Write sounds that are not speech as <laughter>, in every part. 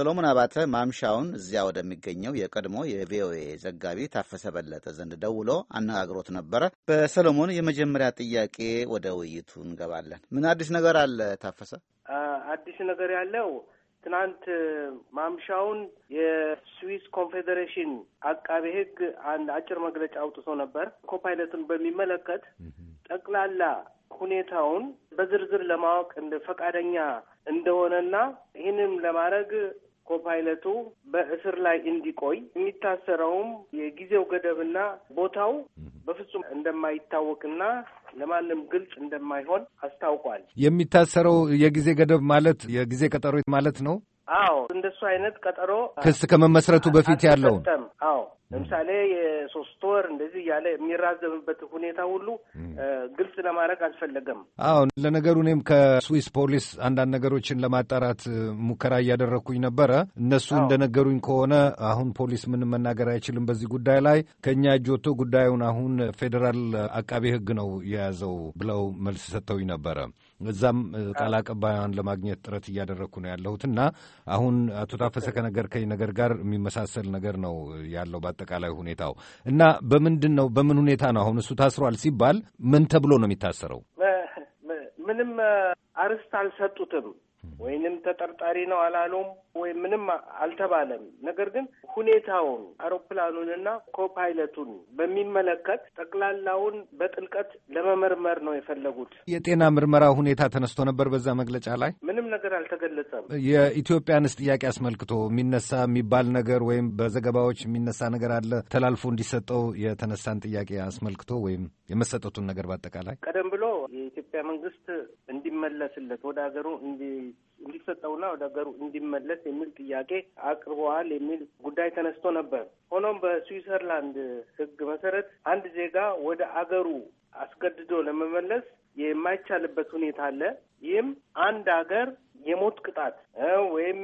ሰሎሞን አባተ ማምሻውን እዚያ ወደሚገኘው የቀድሞ የቪኦኤ ዘጋቢ ታፈሰ በለጠ ዘንድ ደውሎ አነጋግሮት ነበረ። በሰሎሞን የመጀመሪያ ጥያቄ ወደ ውይይቱ እንገባለን። ምን አዲስ ነገር አለ ታፈሰ? አዲስ ነገር ያለው ትናንት ማምሻውን የስዊስ ኮንፌዴሬሽን አቃቤ ሕግ አንድ አጭር መግለጫ አውጥቶ ነበር። ኮፓይለቱን በሚመለከት ጠቅላላ ሁኔታውን በዝርዝር ለማወቅ ፈቃደኛ እንደሆነና ይህንም ለማድረግ ኮፓይለቱ በእስር ላይ እንዲቆይ የሚታሰረውም የጊዜው ገደብና ቦታው በፍጹም እንደማይታወቅና ለማንም ግልጽ እንደማይሆን አስታውቋል። የሚታሰረው የጊዜ ገደብ ማለት የጊዜ ቀጠሮ ማለት ነው። አዎ እንደሱ አይነት ቀጠሮ ክስ ከመመስረቱ በፊት ያለው አዎ ለምሳሌ የሶስት ወር እንደዚህ እያለ የሚራዘምበት ሁኔታ ሁሉ ግልጽ ለማድረግ አልፈለገም። አዎ ለነገሩ እኔም ከስዊስ ፖሊስ አንዳንድ ነገሮችን ለማጣራት ሙከራ እያደረግኩኝ ነበረ። እነሱ እንደነገሩኝ ከሆነ አሁን ፖሊስ ምንም መናገር አይችልም በዚህ ጉዳይ ላይ ከእኛ እጅ ወጥቶ ጉዳዩን አሁን ፌዴራል አቃቤ ሕግ ነው የያዘው ብለው መልስ ሰጥተውኝ ነበረ። እዛም ቃል አቀባዩን ለማግኘት ጥረት እያደረግኩ ነው ያለሁት እና አሁን አቶ ታፈሰ ከነገርከኝ ነገር ጋር የሚመሳሰል ነገር ነው ያለው አጠቃላይ ሁኔታው እና በምንድን ነው በምን ሁኔታ ነው አሁን እሱ ታስሯል ሲባል ምን ተብሎ ነው የሚታሰረው? ምንም አርስት አልሰጡትም። ወይንም ተጠርጣሪ ነው አላሉም ወይ ምንም አልተባለም። ነገር ግን ሁኔታውን አውሮፕላኑንና ኮፓይለቱን በሚመለከት ጠቅላላውን በጥልቀት ለመመርመር ነው የፈለጉት። የጤና ምርመራ ሁኔታ ተነስቶ ነበር በዛ መግለጫ ላይ ምንም ነገር አልተገለጸም። የኢትዮጵያንስ ጥያቄ አስመልክቶ የሚነሳ የሚባል ነገር ወይም በዘገባዎች የሚነሳ ነገር አለ ተላልፎ እንዲሰጠው የተነሳን ጥያቄ አስመልክቶ ወይም የመሰጠቱን ነገር በአጠቃላይ ቀደም ብሎ የኢትዮጵያ መንግስት እንዲመለስለት ወደ ሀገሩ እንዲ እንዲሰጠውና ወደ ሀገሩ እንዲመለስ የሚል ጥያቄ አቅርበዋል የሚል ጉዳይ ተነስቶ ነበር። ሆኖም በስዊዘርላንድ ሕግ መሰረት አንድ ዜጋ ወደ አገሩ አስገድዶ ለመመለስ የማይቻልበት ሁኔታ አለ። ይህም አንድ ሀገር የሞት ቅጣት ወይም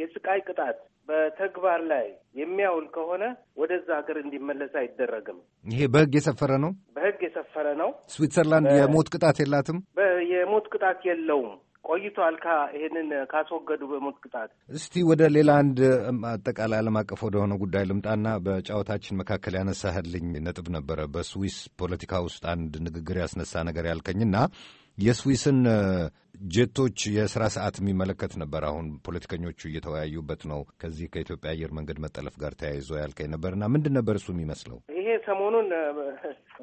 የስቃይ ቅጣት በተግባር ላይ የሚያውል ከሆነ ወደዛ ሀገር እንዲመለስ አይደረግም። ይሄ በህግ የሰፈረ ነው። በህግ የሰፈረ ነው። ስዊትዘርላንድ የሞት ቅጣት የላትም። የሞት ቅጣት የለውም። ቆይቷል። ካ ይሄንን ካስወገዱ ቅጣት። እስቲ ወደ ሌላ አንድ አጠቃላይ ዓለም አቀፍ ወደሆነ ጉዳይ ልምጣና በጫወታችን መካከል ያነሳህልኝ ነጥብ ነበረ በስዊስ ፖለቲካ ውስጥ አንድ ንግግር ያስነሳ ነገር ያልከኝና የስዊስን ጄቶች የስራ ሰዓት የሚመለከት ነበር። አሁን ፖለቲከኞቹ እየተወያዩበት ነው ከዚህ ከኢትዮጵያ አየር መንገድ መጠለፍ ጋር ተያይዞ ያልከኝ ነበርና ምንድን ነበር እሱ የሚመስለው? ይሄ ሰሞኑን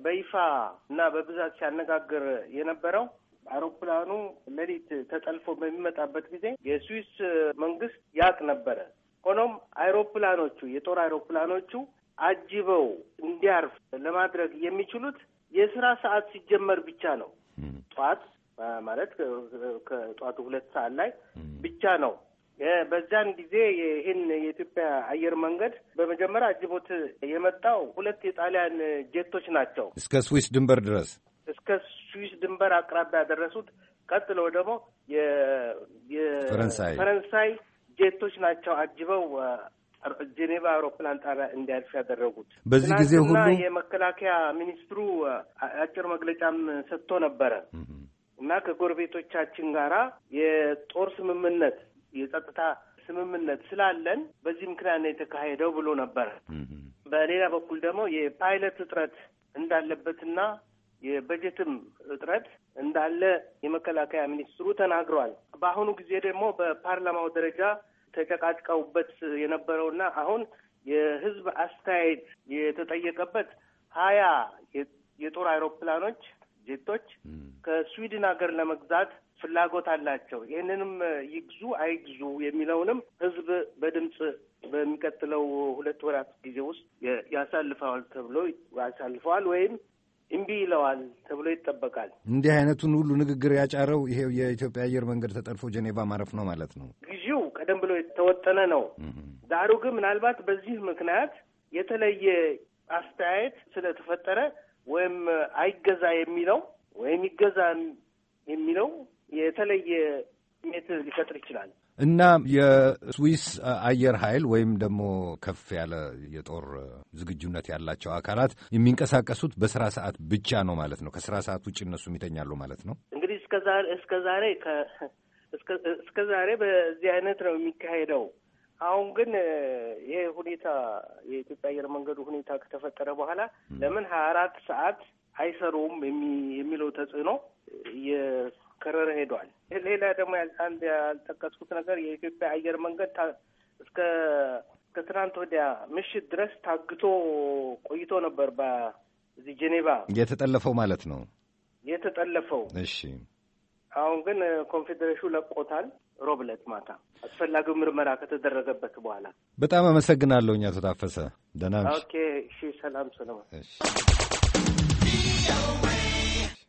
በይፋ እና በብዛት ሲያነጋግር የነበረው አውሮፕላኑ ሌሊት ተጠልፎ በሚመጣበት ጊዜ የስዊስ መንግስት ያቅ ነበረ። ሆኖም አይሮፕላኖቹ የጦር አይሮፕላኖቹ አጅበው እንዲያርፍ ለማድረግ የሚችሉት የስራ ሰዓት ሲጀመር ብቻ ነው። ጠዋት ማለት ከጠዋቱ ሁለት ሰዓት ላይ ብቻ ነው። በዛን ጊዜ ይህን የኢትዮጵያ አየር መንገድ በመጀመሪያ አጅቦት የመጣው ሁለት የጣሊያን ጄቶች ናቸው እስከ ስዊስ ድንበር ድረስ ድንበር አቅራቢያ ያደረሱት። ቀጥሎ ደግሞ የፈረንሳይ ፈረንሳይ ጄቶች ናቸው አጅበው ጄኔቫ አውሮፕላን ጣቢያ እንዲያልፍ ያደረጉት። በዚህ ጊዜ ሁሉ የመከላከያ ሚኒስትሩ አጭር መግለጫም ሰጥቶ ነበረ እና ከጎረቤቶቻችን ጋራ የጦር ስምምነት የጸጥታ ስምምነት ስላለን በዚህ ምክንያት ነው የተካሄደው ብሎ ነበረ። በሌላ በኩል ደግሞ የፓይለት እጥረት እንዳለበትና የበጀትም እጥረት እንዳለ የመከላከያ ሚኒስትሩ ተናግረዋል። በአሁኑ ጊዜ ደግሞ በፓርላማው ደረጃ ተጨቃጭቀውበት የነበረውና አሁን የህዝብ አስተያየት የተጠየቀበት ሀያ የጦር አይሮፕላኖች ጄቶች ከስዊድን ሀገር ለመግዛት ፍላጎት አላቸው። ይህንንም ይግዙ አይግዙ የሚለውንም ህዝብ በድምፅ በሚቀጥለው ሁለት ወራት ጊዜ ውስጥ ያሳልፈዋል ተብሎ ያሳልፈዋል ወይም እምቢ ይለዋል ተብሎ ይጠበቃል። እንዲህ አይነቱን ሁሉ ንግግር ያጫረው ይሄው የኢትዮጵያ አየር መንገድ ተጠልፎ ጀኔቫ ማረፍ ነው ማለት ነው። ግዢው ቀደም ብሎ የተወጠነ ነው። ዳሩ ግን ምናልባት በዚህ ምክንያት የተለየ አስተያየት ስለተፈጠረ ወይም አይገዛ የሚለው ወይም ይገዛ የሚለው የተለየ ስሜት ሊፈጥር ይችላል። እና የስዊስ አየር ኃይል ወይም ደግሞ ከፍ ያለ የጦር ዝግጁነት ያላቸው አካላት የሚንቀሳቀሱት በስራ ሰዓት ብቻ ነው ማለት ነው። ከስራ ሰዓት ውጭ እነሱም ይተኛሉ ማለት ነው። እንግዲህ እስከ ዛሬ እስከ ዛሬ <laughs> በዚህ አይነት ነው የሚካሄደው። አሁን ግን ይሄ ሁኔታ የኢትዮጵያ አየር መንገዱ ሁኔታ ከተፈጠረ በኋላ ለምን ሀያ አራት ሰዓት አይሰሩም የሚለው ተጽዕኖ እየከረረ ሄዷል። ሌላ ደግሞ አንድ ያልጠቀስኩት ነገር የኢትዮጵያ አየር መንገድ እስከ ከትናንት ትናንት ወዲያ ምሽት ድረስ ታግቶ ቆይቶ ነበር። በዚህ ጄኔቫ የተጠለፈው ማለት ነው የተጠለፈው። እሺ አሁን ግን ኮንፌዴሬሽኑ ለቆታል። ሮብ ዕለት ማታ አስፈላጊው ምርመራ ከተደረገበት በኋላ። በጣም አመሰግናለሁ እኛ ተታፈሰ ደህና ኦኬ። እሺ፣ ሰላም ሰለማ።